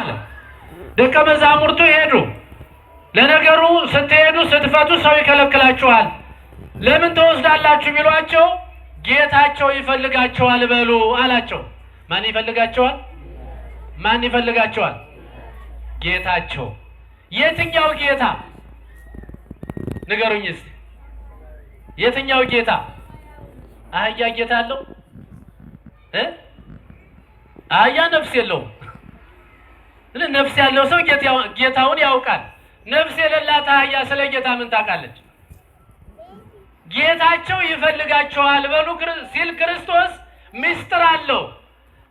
አለ። ደቀ መዛሙርቱ ሄዱ። ለነገሩ ስትሄዱ ስትፈቱ ሰው ይከለክላችኋል። ለምን ትወስዳላችሁ ቢሏቸው ጌታቸው ይፈልጋቸዋል በሉ አላቸው። ማን ይፈልጋቸዋል? ማን ይፈልጋቸዋል? ጌታቸው። የትኛው ጌታ ንገሩኝ እስኪ። የትኛው ጌታ? አህያ ጌታ አለው? አህያ ነፍስ የለውም። ነፍስ ያለው ሰው ጌታውን ያውቃል። ነፍስ የሌላት አህያ ስለ ጌታ ምን ታውቃለች? ጌታቸው ይፈልጋቸዋል በሉ ሲል ክርስቶስ ምስጢር አለው።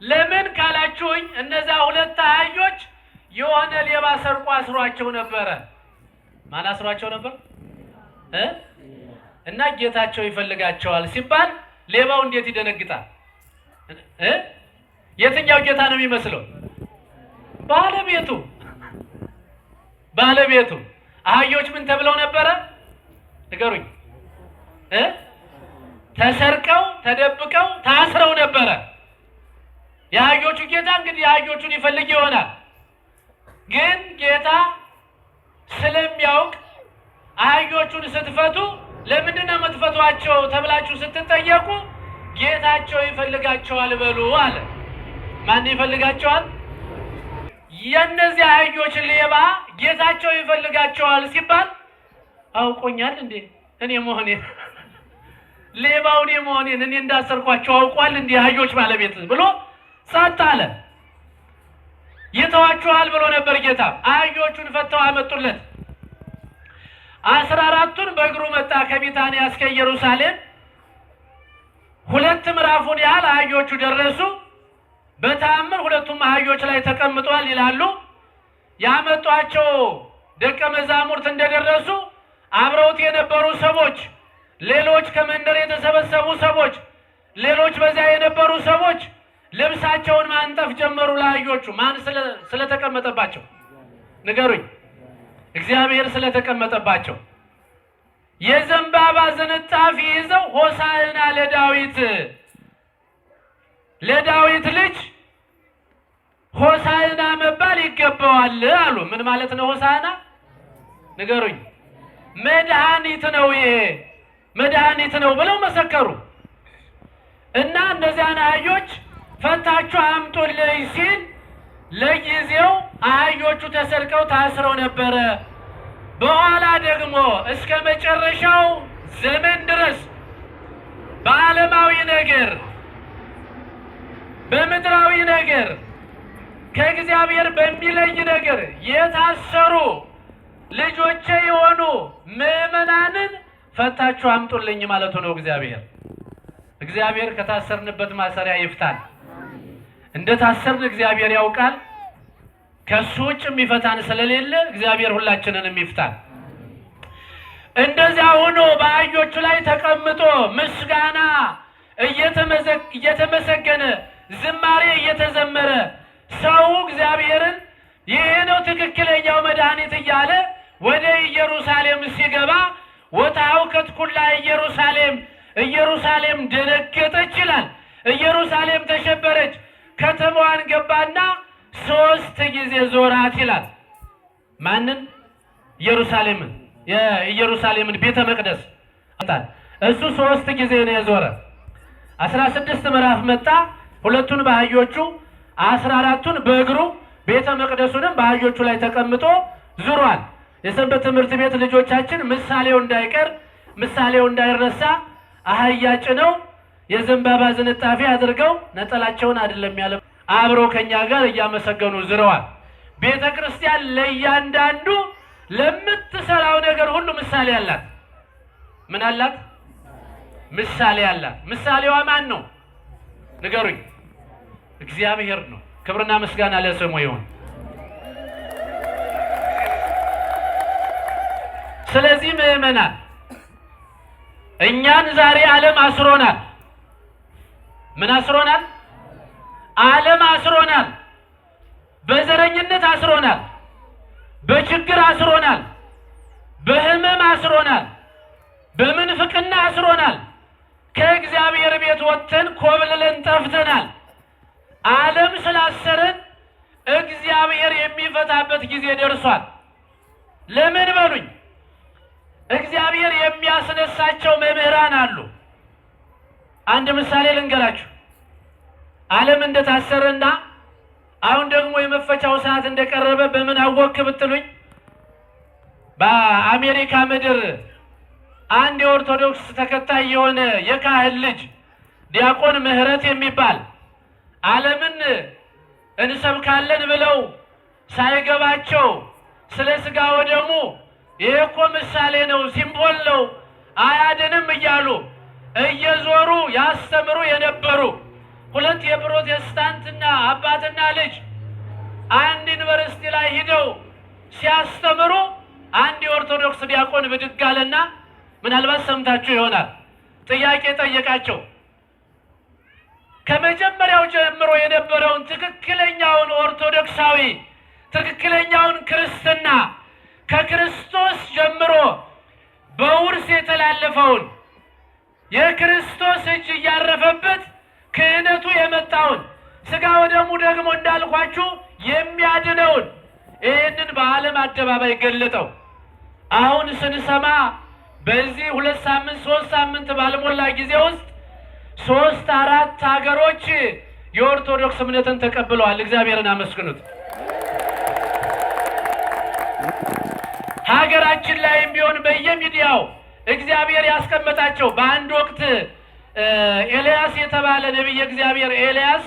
ለምን ካላችሁኝ እነዛ ሁለት አህዮች የሆነ ሌባ ሰርቆ አስሯቸው ነበረ። ማን አስሯቸው ነበር? እና ጌታቸው ይፈልጋቸዋል ሲባል ሌባው እንዴት ይደነግጣል? የትኛው ጌታ ነው የሚመስለው? ባለቤቱ ባለቤቱ አህዮች ምን ተብለው ነበረ? ንገሩኝ። ተሰርቀው ተደብቀው ታስረው ነበረ። የአህዮቹ ጌታ እንግዲህ የአህዮቹን ይፈልግ ይሆናል። ግን ጌታ ስለሚያውቅ አህዮቹን ስትፈቱ ለምንድን ነው የምትፈቷቸው ተብላችሁ ስትጠየቁ ጌታቸው ይፈልጋቸዋል በሉ አለ። ማን ይፈልጋቸዋል? የእነዚህ አህዮች ሌባ ጌታቸው ይፈልጋቸዋል ሲባል አውቆኛል እንዴ እኔ መሆኔን ሌባው እኔ መሆኔን እኔ እንዳሰርኳቸው አውቋል እንዴ አህዮች ባለቤት ብሎ ጸጥ አለ። ይተዋችኋል ብሎ ነበር ጌታ። አህዮቹን ፈተው አመጡለት። አስራ አራቱን በእግሩ መጣ ከቢታንያ እስከ ኢየሩሳሌም ሁለት ምዕራፉን ያህል አህዮቹ ደረሱ። በተአምር ሁለቱም አህዮች ላይ ተቀምጧል ይላሉ። ያመጧቸው ደቀ መዛሙርት እንደደረሱ አብረውት የነበሩ ሰዎች፣ ሌሎች ከመንደር የተሰበሰቡ ሰዎች፣ ሌሎች በዚያ የነበሩ ሰዎች ልብሳቸውን ማንጠፍ ጀመሩ። ለአህዮቹ ማን ስለተቀመጠባቸው ንገሩኝ። እግዚአብሔር ስለተቀመጠባቸው የዘንባባ ዝንጣፊ ይዘው ሆሳዕና ለዳዊት ለዳዊት ልጅ ሆሳዕና መባል ይገባዋል አሉ። ምን ማለት ነው ሆሳዕና? ንገሩኝ። መድኃኒት ነው ይሄ መድኃኒት ነው ብለው መሰከሩ እና እነዚያን አህዮች ፈታችሁ አምጡልኝ ሲል ለጊዜው አህዮቹ ተሰልቀው ታስረው ነበረ። በኋላ ደግሞ እስከ መጨረሻው ዘመን ድረስ በዓለማዊ ነገር በምድራዊ ነገር ከእግዚአብሔር በሚለይ ነገር የታሰሩ ልጆቼ የሆኑ ምዕመናንን ፈታችሁ አምጡልኝ ማለቱ ነው። እግዚአብሔር እግዚአብሔር ከታሰርንበት ማሰሪያ ይፍታል። እንደ ታሰርን እግዚአብሔር ያውቃል። ከሱ ውጭ የሚፈታን ስለሌለ እግዚአብሔር ሁላችንንም ይፍታል። እንደዚያ ሆኖ በአህዮቹ ላይ ተቀምጦ ምስጋና እየተመሰገነ ዝማሬ እየተዘመረ ሰው እግዚአብሔርን ይህ ነው ትክክለኛው መድኃኒት እያለ ወደ ኢየሩሳሌም ሲገባ ወታው ከትኩላ ኢየሩሳሌም ኢየሩሳሌም ደነገጠች ይላል። ኢየሩሳሌም ተሸበረች። ከተማዋን ገባና ሶስት ጊዜ ዞራት ይላል። ማንን? ኢየሩሳሌምን፣ የኢየሩሳሌምን ቤተ መቅደስ እሱ ሶስት ጊዜ ነው የዞረ። አስራ ስድስት ምዕራፍ መጣ። ሁለቱን ባህዮቹ አስራ አራቱን በእግሩ ቤተ መቅደሱንም በአህዮቹ ላይ ተቀምጦ ዙሯል። የሰንበት ትምህርት ቤት ልጆቻችን ምሳሌው እንዳይቀር ምሳሌው እንዳይረሳ አህያ ጭነው የዘንባባ ዝንጣፊ አድርገው ነጠላቸውን አይደለም ያለ አብረው ከኛ ጋር እያመሰገኑ ዝረዋል። ቤተ ክርስቲያን ለእያንዳንዱ ለምትሰራው ነገር ሁሉ ምሳሌ አላት። ምን አላት? ምሳሌ አላት። ምሳሌዋ ማን ነው? ንገሩኝ። እግዚአብሔር ነው። ክብርና ምስጋና ለስሙ ይሁን። ስለዚህ ምዕመናን እኛን ዛሬ ዓለም አስሮናል። ምን አስሮናል? ዓለም አስሮናል። በዘረኝነት አስሮናል። በችግር አስሮናል። በህመም አስሮናል። በምንፍቅና አስሮናል። ከእግዚአብሔር ቤት ወጥተን ኮብልለን ጠፍተናል። ደም ስላሰረን እግዚአብሔር የሚፈታበት ጊዜ ደርሷል። ለምን በሉኝ። እግዚአብሔር የሚያስነሳቸው መምህራን አሉ። አንድ ምሳሌ ልንገራችሁ። ዓለም እንደታሰረና አሁን ደግሞ የመፈቻው ሰዓት እንደቀረበ በምን አወክ ብትሉኝ በአሜሪካ ምድር አንድ የኦርቶዶክስ ተከታይ የሆነ የካህን ልጅ ዲያቆን ምህረት የሚባል ዓለምን እንሰብካለን ብለው ሳይገባቸው ስለ ስጋ ወደሙ ይህ እኮ ምሳሌ ነው፣ ሲምቦል ነው፣ አያድንም እያሉ እየዞሩ ያስተምሩ የነበሩ ሁለት የፕሮቴስታንትና አባትና ልጅ አንድ ዩኒቨርሲቲ ላይ ሂደው ሲያስተምሩ አንድ የኦርቶዶክስ ዲያቆን ብድግ አለና ምናልባት ሰምታችሁ ይሆናል። ጥያቄ ጠየቃቸው። ከመጀመሪያው ተነግሮ የነበረውን ትክክለኛውን ኦርቶዶክሳዊ ትክክለኛውን ክርስትና ከክርስቶስ ጀምሮ በውርስ የተላለፈውን የክርስቶስ እጅ እያረፈበት ክህነቱ የመጣውን ሥጋ ወደሙ ደግሞ እንዳልኳችሁ የሚያድነውን ይህንን በዓለም አደባባይ ገለጠው። አሁን ስንሰማ በዚህ ሁለት ሳምንት ሶስት ሳምንት ባልሞላ ጊዜ ውስጥ ሶስት አራት ሀገሮች የኦርቶዶክስ እምነትን ተቀብለዋል። እግዚአብሔርን አመስግኑት። ሀገራችን ላይም ቢሆን በየሚዲያው እግዚአብሔር ያስቀመጣቸው በአንድ ወቅት ኤልያስ የተባለ ነቢይ እግዚአብሔር ኤልያስ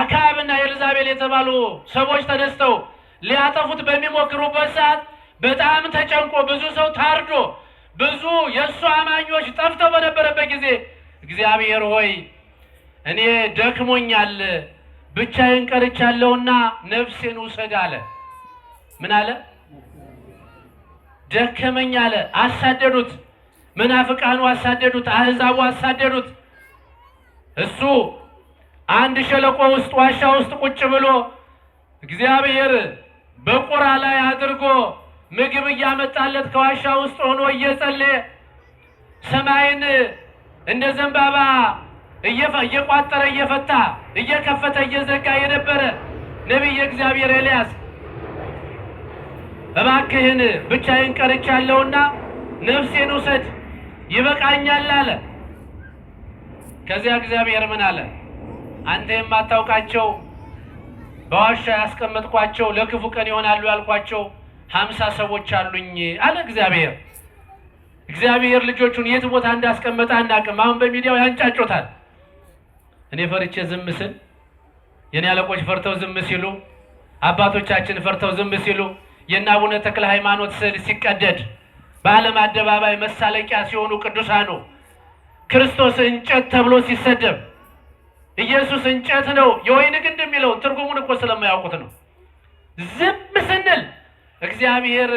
አካብና ኤልዛቤል የተባሉ ሰዎች ተነስተው ሊያጠፉት በሚሞክሩበት ሰዓት በጣም ተጨንቆ ብዙ ሰው ታርዶ ብዙ የእሱ አማኞች ጠፍተው በነበረበት ጊዜ እግዚአብሔር ሆይ እኔ ደክሞኛል ብቻዬን ቀርቻለሁና ነፍሴን ውሰድ አለ። ምን አለ? ደከመኝ አለ። አሳደዱት፣ መናፍቃኑ አሳደዱት፣ አህዛቡ አሳደዱት። እሱ አንድ ሸለቆ ውስጥ ዋሻ ውስጥ ቁጭ ብሎ እግዚአብሔር በቁራ ላይ አድርጎ ምግብ እያመጣለት ከዋሻ ውስጥ ሆኖ እየጸለየ ሰማይን እንደ ዘንባባ እየቋጠረ እየፈታ እየከፈተ እየዘጋ የነበረ ነቢይ እግዚአብሔር ኤልያስ እባክህን ብቻዬን ቀርቻለሁና ነፍሴን ውሰድ ይበቃኛል አለ። ከዚያ እግዚአብሔር ምን አለ? አንተ የማታውቃቸው በዋሻ ያስቀመጥኳቸው ለክፉ ቀን ይሆናሉ ያልኳቸው ሀምሳ ሰዎች አሉኝ አለ እግዚአብሔር። እግዚአብሔር ልጆቹን የት ቦታ እንዳስቀመጠ አናውቅም። አሁን በሚዲያው ያንጫጮታል። እኔ ፈርቼ ዝም ስል፣ የኔ አለቆች ፈርተው ዝም ሲሉ፣ አባቶቻችን ፈርተው ዝም ሲሉ፣ የእነ አቡነ ተክለ ሃይማኖት ስዕል ሲቀደድ በዓለም አደባባይ መሳለቂያ ሲሆኑ ቅዱሳኑ ክርስቶስ እንጨት ተብሎ ሲሰደብ ኢየሱስ እንጨት ነው የወይን ግንድ የሚለውን ትርጉሙን እኮ ስለማያውቁት ነው። ዝም ስንል እግዚአብሔር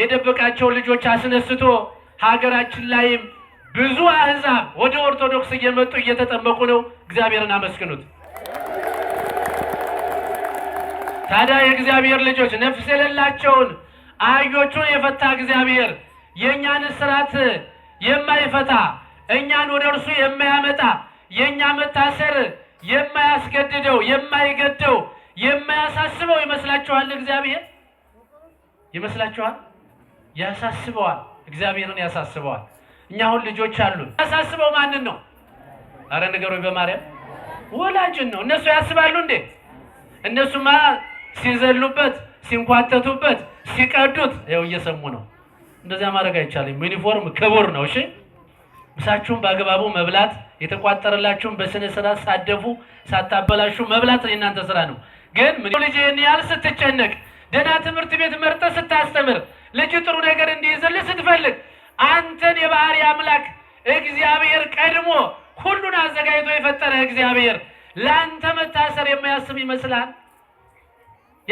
የደበቃቸውን ልጆች አስነስቶ ሀገራችን ላይም ብዙ አህዛብ ወደ ኦርቶዶክስ እየመጡ እየተጠመቁ ነው። እግዚአብሔርን አመስግኑት። ታዲያ የእግዚአብሔር ልጆች ነፍስ የሌላቸውን አህዮቹን የፈታ እግዚአብሔር የእኛን ስራት የማይፈታ እኛን ወደ እርሱ የማያመጣ የእኛ መታሰር የማያስገድደው የማይገደው የማያሳስበው ይመስላችኋል? እግዚአብሔር ይመስላችኋል? ያሳስበዋል። እግዚአብሔርን ያሳስበዋል። እኛ አሁን ልጆች አሉን። ያሳስበው ማንን ነው? አረ ነገሮ በማርያም ወላጅን ነው። እነሱ ያስባሉ እንዴ? እነሱማ ሲዘሉበት፣ ሲንኳተቱበት፣ ሲቀዱት ያው እየሰሙ ነው። እንደዚያ ማድረግ አይቻልም። ዩኒፎርም ክቡር ነው። እሺ ምሳችሁን በአግባቡ መብላት፣ የተቋጠረላችሁን በስነ ስርዓት ሳደፉ ሳታበላሹ መብላት የእናንተ ስራ ነው። ግን ልጅ ይህን ያህል ስትጨነቅ፣ ደህና ትምህርት ቤት መርጠ ስታስተምር፣ ልጅ ጥሩ ነገር እንዲይዝልህ ስትፈልግ አንተን የባህሪ አምላክ እግዚአብሔር ቀድሞ ሁሉን አዘጋጅቶ የፈጠረ እግዚአብሔር ለአንተ መታሰር የማያስብ ይመስላል?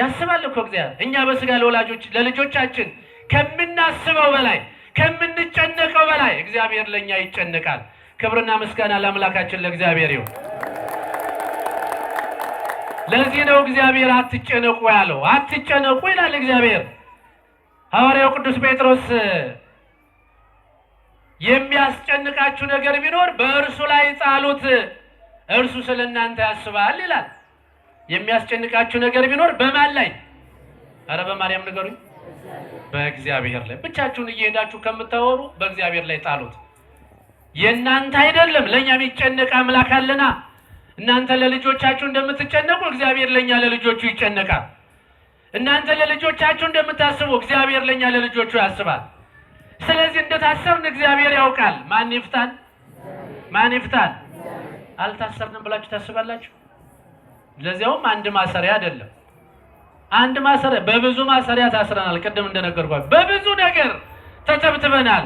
ያስባል እኮ እግዚአብሔር። እኛ በስጋ ለወላጆች ለልጆቻችን ከምናስበው በላይ ከምንጨነቀው በላይ እግዚአብሔር ለእኛ ይጨነቃል። ክብርና ምስጋና ለአምላካችን ለእግዚአብሔር ይሁን። ለዚህ ነው እግዚአብሔር አትጨነቁ ያለው። አትጨነቁ ይላል እግዚአብሔር ሐዋርያው ቅዱስ ጴጥሮስ የሚያስጨንቃችሁ ነገር ቢኖር በእርሱ ላይ ጻሉት፣ እርሱ ስለ እናንተ ያስባል ይላል። የሚያስጨንቃችሁ ነገር ቢኖር በማን ላይ? አረ በማርያም ንገሩኝ። በእግዚአብሔር ላይ ብቻችሁን እየሄዳችሁ ከምታወሩ በእግዚአብሔር ላይ ጣሉት። የእናንተ አይደለም፣ ለእኛ የሚጨነቅ አምላክ አለና። እናንተ ለልጆቻችሁ እንደምትጨነቁ እግዚአብሔር ለእኛ ለልጆቹ ይጨነቃል። እናንተ ለልጆቻችሁ እንደምታስቡ እግዚአብሔር ለእኛ ለልጆቹ ያስባል። ስለዚህ እንደታሰብን እግዚአብሔር ያውቃል። ማን ይፍታን? ማን ይፍታን? አልታሰብንም ብላችሁ ታስባላችሁ? ለዚያውም አንድ ማሰሪያ አይደለም። አንድ ማሰሪያ በብዙ ማሰሪያ ታስረናል። ቅድም እንደነገርኳችሁ በብዙ ነገር ተተብትበናል።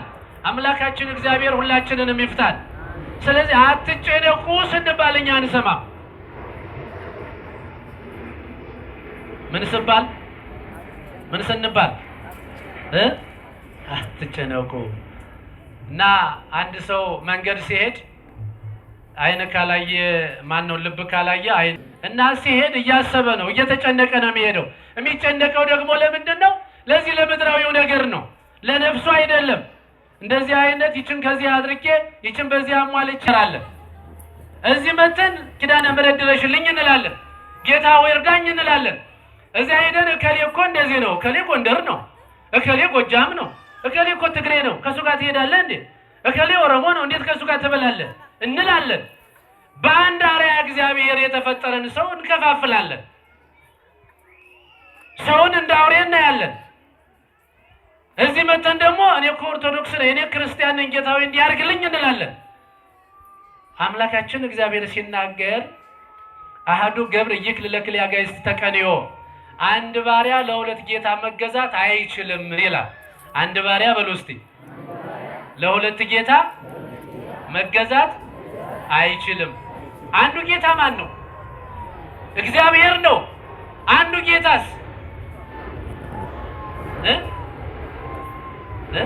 አምላካችን እግዚአብሔር ሁላችንንም ይፍታል ስለዚህ አትጨነቁ ስንባል እኛ አንሰማም። ምን ስባል ምን ስንባል እ አትጨነቁ። እና አንድ ሰው መንገድ ሲሄድ አይን ካላየ ማን ነው? ልብ ካላየ አይን እና ሲሄድ እያሰበ ነው፣ እየተጨነቀ ነው የሚሄደው። የሚጨነቀው ደግሞ ለምንድን ነው? ለዚህ ለምድራዊው ነገር ነው፣ ለነፍሱ አይደለም። እንደዚህ አይነት ይችን ከዚህ አድርጌ ይችን በዚህ አሟልቼ እንላለን። እዚህ መተን ኪዳነ ምሕረት ድረሽልኝ እንላለን። ጌታ ሆይ እርዳኝ እንላለን። እዚህ አይደን እከሌ እኮ እንደዚህ ነው፣ እከሌ ጎንደር ነው፣ እከሌ ጎጃም ነው እከሌ እኮ ትግሬ ነው፣ ከእሱ ጋር ትሄዳለህ እንዴ? እከሌ ኦሮሞ ነው፣ እንዴት ከእሱ ጋር ትበላለህ? እንላለን። በአንድ አርያ እግዚአብሔር የተፈጠረን ሰው እንከፋፍላለን። ሰውን እንደ አውሬ እናያለን። እዚህ መተን ደግሞ እኔ እኮ ኦርቶዶክስ ነኝ፣ እኔ ክርስቲያን ነኝ፣ ጌታዊ እንዲያርግልኝ እንላለን። አምላካችን እግዚአብሔር ሲናገር አህዱ ገብር ይክል ለክል ያጋይስት ተቀንዮ አንድ ባሪያ ለሁለት ጌታ መገዛት አይችልም ይላል። አንድ ባሪያ በሉ እስቲ። ለሁለት ጌታ መገዛት አይችልም። አንዱ ጌታ ማን ነው? እግዚአብሔር ነው። አንዱ ጌታስ እ እ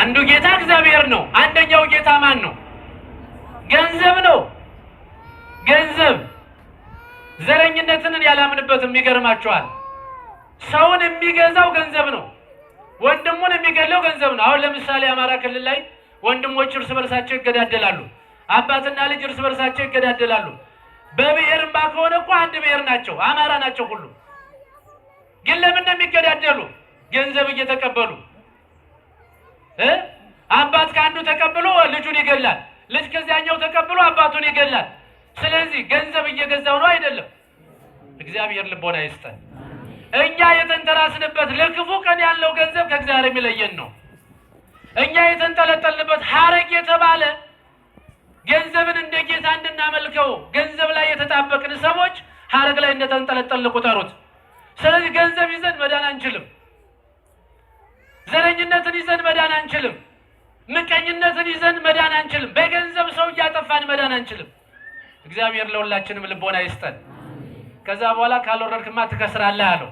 አንዱ ጌታ እግዚአብሔር ነው። አንደኛው ጌታ ማን ነው? ገንዘብ ነው። ገንዘብ ዘረኝነትን ያላምንበትም ይገርማቸዋል። ሰውን የሚገዛው ገንዘብ ነው። ወንድሙን የሚገለው ገንዘብ ነው። አሁን ለምሳሌ አማራ ክልል ላይ ወንድሞች እርስ በርሳቸው ይገዳደላሉ። አባትና ልጅ እርስ በርሳቸው ይገዳደላሉ። በብሔርማ ከሆነ እኮ አንድ ብሔር ናቸው፣ አማራ ናቸው ሁሉ። ግን ለምን ነው የሚገዳደሉ? ገንዘብ እየተቀበሉ አባት ከአንዱ ተቀብሎ ልጁን ይገላል። ልጅ ከዚያኛው ተቀብሎ አባቱን ይገላል። ስለዚህ ገንዘብ እየገዛው ነው አይደለም። እግዚአብሔር ልቦና ይስጠን። እኛ የተንተራስንበት ለክፉ ቀን ያለው ገንዘብ ከእግዚአብሔር የሚለየን ነው። እኛ የተንጠለጠልንበት ሀረግ የተባለ ገንዘብን እንደ ጌታ እንድናመልከው ገንዘብ ላይ የተጣበቅን ሰዎች ሀረግ ላይ እንደተንጠለጠል ቁጠሩት። ስለዚህ ገንዘብ ይዘን መዳን አንችልም። ዘረኝነትን ይዘን መዳን አንችልም። ምቀኝነትን ይዘን መዳን አንችልም። በገንዘብ ሰው እያጠፋን መዳን አንችልም። እግዚአብሔር ለሁላችንም ልቦና ይስጠን። ከዛ በኋላ ካልወረድክማ ትከስራለህ አለው።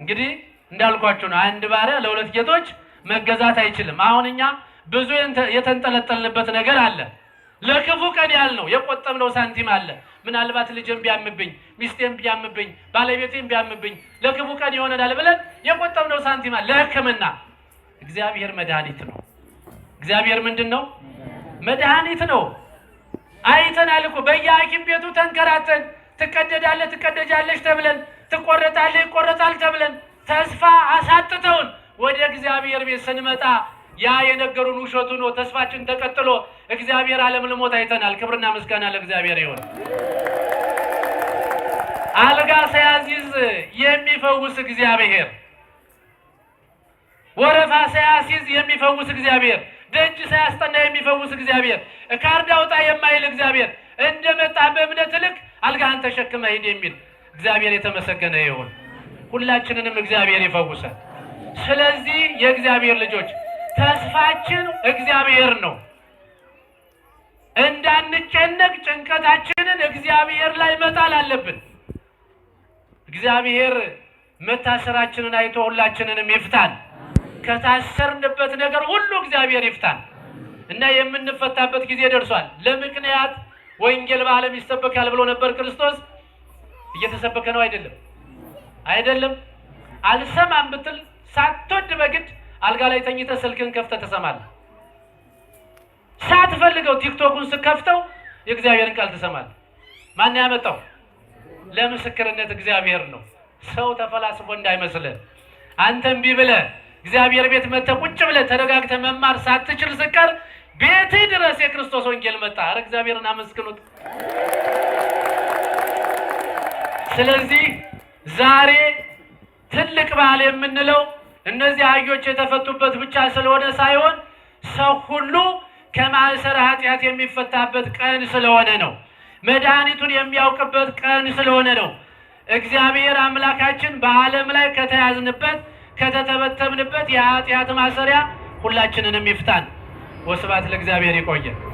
እንግዲህ እንዳልኳችሁ ነው። አንድ ባሪያ ለሁለት ጌቶች መገዛት አይችልም። አሁን እኛ ብዙ የተንጠለጠልንበት ነገር አለ። ለክፉ ቀን ያል ነው የቆጠብነው ሳንቲም አለ። ምናልባት ልጅም ቢያምብኝ፣ ሚስቴም ቢያምብኝ፣ ባለቤቴም ቢያምብኝ ለክፉ ቀን ይሆነናል ብለን የቆጠብነው ሳንቲም አለ ለሕክምና። እግዚአብሔር መድኃኒት ነው። እግዚአብሔር ምንድን ነው? መድኃኒት ነው። አይተናል እኮ በየሐኪም ቤቱ ተንከራተን ትቀደዳለህ ትቀደጃለች ተብለን ትቆረጣለህ ይቆረጣል ተብለን ተስፋ አሳጥተውን ወደ እግዚአብሔር ቤት ስንመጣ ያ የነገሩን ውሸቱ ነው። ተስፋችን ተቀጥሎ እግዚአብሔር ዓለም ልሞት አይተናል። ክብርና ምስጋና ለእግዚአብሔር ይሁን። አልጋ ሳያስይዝ የሚፈውስ እግዚአብሔር፣ ወረፋ ሳያስይዝ የሚፈውስ እግዚአብሔር ደጅ ሳያስጠና የሚፈውስ እግዚአብሔር፣ ካርድ አውጣ የማይል እግዚአብሔር፣ እንደ በእምነት ልክ አልጋህን ተሸክመ ሂድ የሚል እግዚአብሔር የተመሰገነ ይሁን። ሁላችንንም እግዚአብሔር ይፈውሳል። ስለዚህ የእግዚአብሔር ልጆች ተስፋችን እግዚአብሔር ነው። እንዳንጨነቅ ጭንቀታችንን እግዚአብሔር ላይ መጣል አለብን። እግዚአብሔር መታሰራችንን አይቶ ሁላችንንም ይፍታል። ከታሰርንበት ነገር ሁሉ እግዚአብሔር ይፍታን እና የምንፈታበት ጊዜ ደርሷል። ለምክንያት ወንጌል በዓለም ይሰበካል ብሎ ነበር ክርስቶስ። እየተሰበከ ነው አይደለም? አይደለም። አልሰማም ብትል ሳትወድ በግድ አልጋ ላይ ተኝተ ስልክን ከፍተህ ትሰማለህ። ሳትፈልገው ቲክቶኩን ስከፍተው የእግዚአብሔርን ቃል ትሰማለህ። ማን ያመጣው? ለምስክርነት እግዚአብሔር ነው። ሰው ተፈላስፎ እንዳይመስልህ አንተም ቢብለህ እግዚአብሔር ቤት መጥተህ ቁጭ ብለህ ተረጋግተህ መማር ሳትችል ስቀር ቤትህ ድረስ የክርስቶስ ወንጌል መጣ። አረ እግዚአብሔርን አመስግኑት። ስለዚህ ዛሬ ትልቅ በዓል የምንለው እነዚህ አህዮች የተፈቱበት ብቻ ስለሆነ ሳይሆን ሰው ሁሉ ከማዕሰረ ኃጢአት የሚፈታበት ቀን ስለሆነ ነው። መድኃኒቱን የሚያውቅበት ቀን ስለሆነ ነው። እግዚአብሔር አምላካችን በዓለም ላይ ከተያዝንበት ከተተበተብንበት የኃጢአት ማሰሪያ ሁላችንንም ይፍታን። ወስብሐት ለእግዚአብሔር። ይቆየ